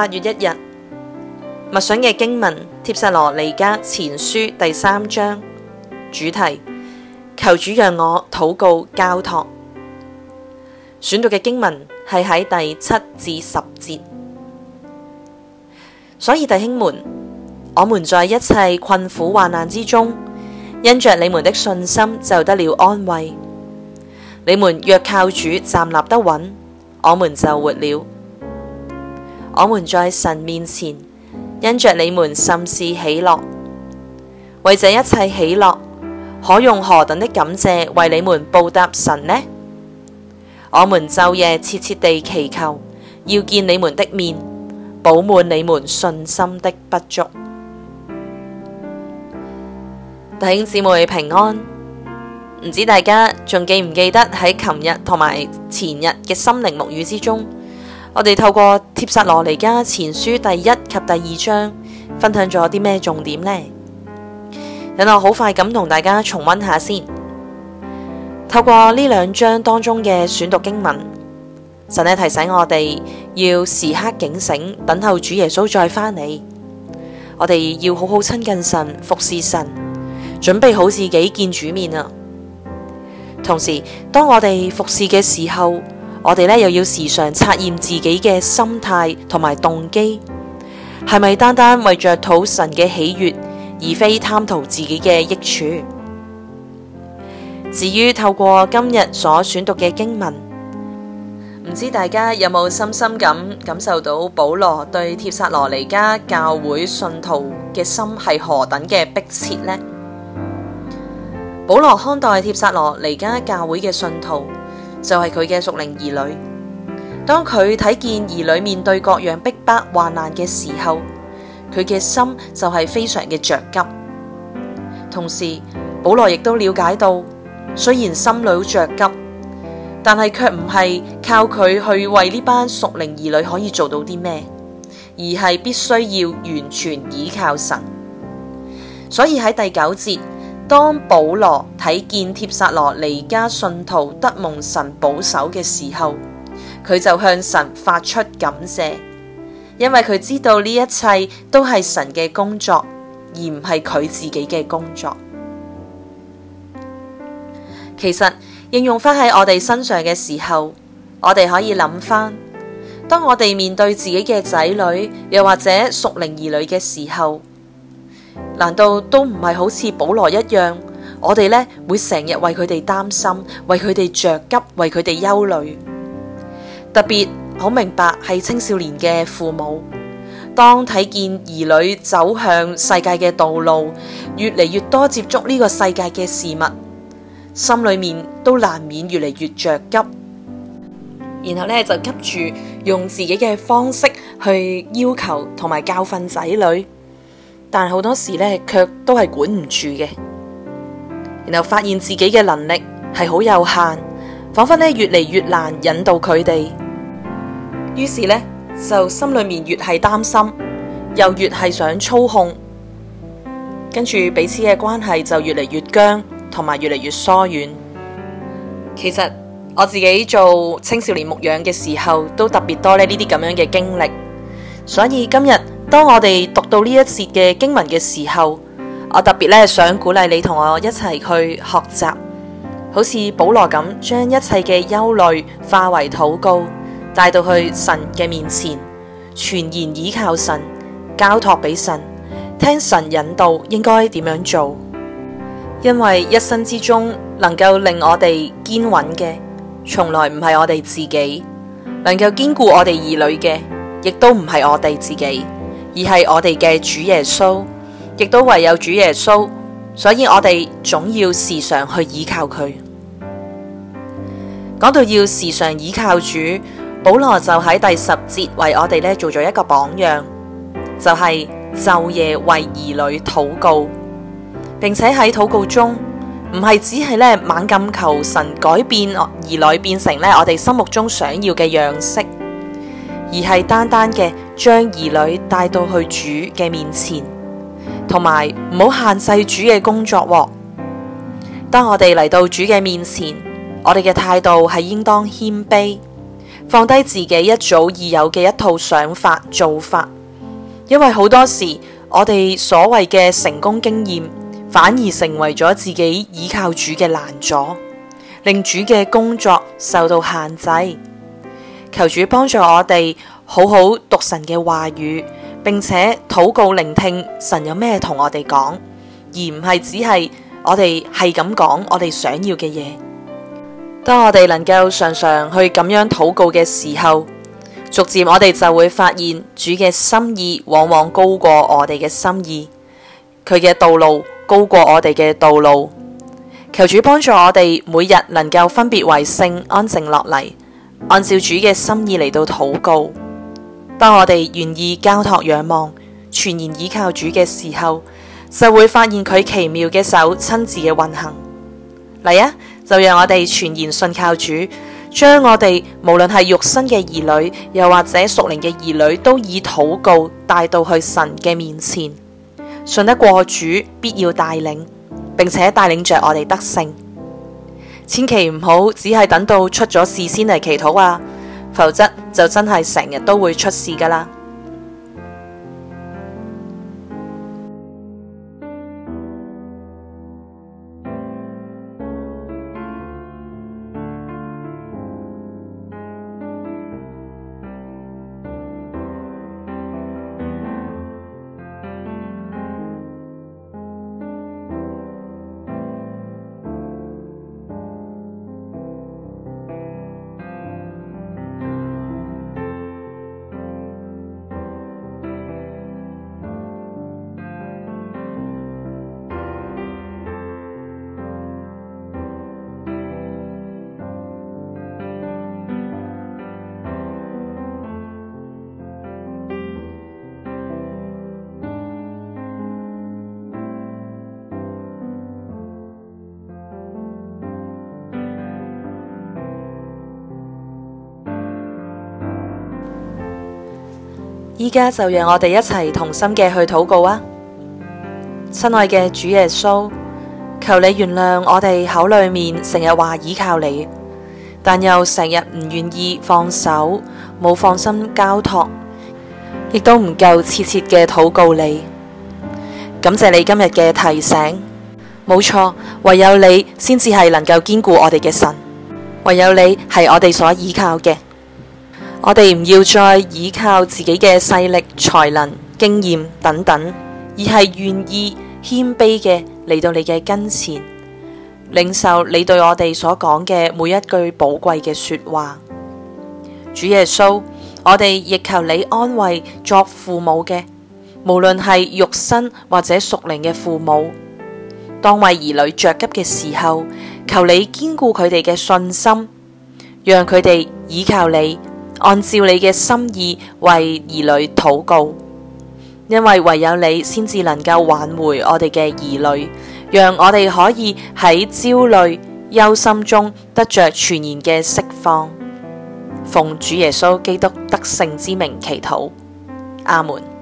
八月一日，默想嘅經文《帖撒羅尼加前書》第三章，主題：求主讓我禱告交托。選讀嘅經文係喺第七至十節。所以弟兄們，我們在一切困苦患難之中，因着你們的信心，就得了安慰。你們若靠主站立得穩，我們就活了。我們在神面前因着你們甚是喜樂，為這一切喜樂，可用何等的感謝為你們報答神呢？我們晝夜切切地祈求，要見你們的面，補滿你們信心的不足。弟兄姊妹平安，唔知大家仲記唔記得喺琴日同埋前日嘅心靈牧語之中，我哋透過《帖撒羅尼迦前書》第一及第二章，分享咗啲咩重點呢？等我好快咁同大家重溫下先。透過呢兩章當中嘅選讀經文，神呢，提醒我哋要時刻警醒，等候主耶穌再返嚟。我哋要好好親近神，服侍神，準備好自己見主面啊！同時，當我哋服侍嘅時候，我哋咧又要時常測驗自己嘅心態同埋動機，係咪單單為着討神嘅喜悦，而非貪圖自己嘅益處？至於透過今日所選讀嘅經文，唔知大家有冇深深咁感,感受到保羅對帖撒羅尼加教會信徒嘅心係何等嘅迫切呢？保羅看待帖撒羅尼加教會嘅信徒。就係佢嘅屬靈兒女，當佢睇見兒女面對各樣逼迫患難嘅時候，佢嘅心就係非常嘅着急。同時，保羅亦都了解到，雖然心裏好着急，但係卻唔係靠佢去為呢班屬靈兒女可以做到啲咩，而係必須要完全倚靠神。所以喺第九節。當保羅睇見帖撒羅尼迦信徒得蒙神保守嘅時候，佢就向神發出感謝，因為佢知道呢一切都係神嘅工作，而唔係佢自己嘅工作。其實應用返喺我哋身上嘅時候，我哋可以諗返：當我哋面對自己嘅仔女，又或者屬靈兒女嘅時候。難道都唔係好似保羅一樣？我哋呢會成日為佢哋擔心，為佢哋着急，為佢哋憂慮。特別好明白係青少年嘅父母，當睇見兒女走向世界嘅道路，越嚟越多接觸呢個世界嘅事物，心裏面都難免越嚟越着急。然後呢，就急住用自己嘅方式去要求同埋教訓仔女。但好多時呢，卻都係管唔住嘅，然後發現自己嘅能力係好有限，仿佛呢，越嚟越難引導佢哋。於是呢，就心裏面越係擔心，又越係想操控，跟住彼此嘅關係就越嚟越僵，同埋越嚟越疏遠。其實我自己做青少年牧養嘅時候，都特別多呢啲咁樣嘅經歷，所以今日。當我哋讀到呢一節嘅經文嘅時候，我特別咧想鼓勵你同我一齊去學習，好似保羅咁，將一切嘅憂慮化為禱告，帶到去神嘅面前，全然倚靠神，交託俾神，聽神引導，應該點樣做？因為一生之中能夠令我哋堅穩嘅，從來唔係我哋自己，能夠堅固我哋兒女嘅，亦都唔係我哋自己。能夠而係我哋嘅主耶穌，亦都唯有主耶穌，所以我哋總要時常去倚靠佢。講到要時常倚靠主，保羅就喺第十節為我哋呢做咗一個榜樣，就係、是、晝夜為兒女禱告，並且喺禱告中，唔係只係呢猛咁求神改變兒女變成呢我哋心目中想要嘅樣式，而係單單嘅。將兒女帶到去主嘅面前，同埋唔好限制主嘅工作。當我哋嚟到主嘅面前，我哋嘅態度係應當謙卑，放低自己一早已有嘅一套想法做法。因為好多時，我哋所謂嘅成功經驗，反而成為咗自己依靠主嘅攔阻，令主嘅工作受到限制。求主幫助我哋。好好讀神嘅話語，並且禱告聆聽神有咩同我哋講，而唔係只係我哋係咁講我哋想要嘅嘢。當我哋能夠常常去咁樣禱告嘅時候，逐漸我哋就會發現主嘅心意往往高過我哋嘅心意，佢嘅道路高過我哋嘅道路。求主幫助我哋，每日能夠分別為聖安靜落嚟，按照主嘅心意嚟到禱告。當我哋願意交託仰望、全然倚靠主嘅時候，就會發現佢奇妙嘅手親自嘅運行。嚟啊，就讓我哋全然信靠主，將我哋無論係肉身嘅兒女，又或者屬靈嘅兒女，都以禱告帶到去神嘅面前，信得過主，必要帶領，並且帶領着我哋得勝。千祈唔好只係等到出咗事先嚟祈禱啊！否則就真係成日都會出事噶啦。依家就讓我哋一齊同心嘅去禱告啊！親愛嘅主耶穌，求你原諒我哋口裏面成日話依靠你，但又成日唔願意放手，冇放心交託，亦都唔夠切切嘅禱告你。感謝你今日嘅提醒，冇錯，唯有你先至係能夠堅固我哋嘅神，唯有你係我哋所依靠嘅。我哋唔要再倚靠自己嘅勢力、才能、經驗等等，而係願意謙卑嘅嚟到你嘅跟前，領受你對我哋所講嘅每一句寶貴嘅說話。主耶穌，我哋亦求你安慰作父母嘅，無論係肉身或者屬靈嘅父母，當為兒女着急嘅時候，求你堅固佢哋嘅信心，讓佢哋倚靠你，按照你嘅心意為兒女禱告，因為唯有你先至能夠挽回我哋嘅兒女，讓我哋可以喺焦慮憂心中得着全然嘅釋放。奉主耶穌基督得勝之名祈禱，阿門。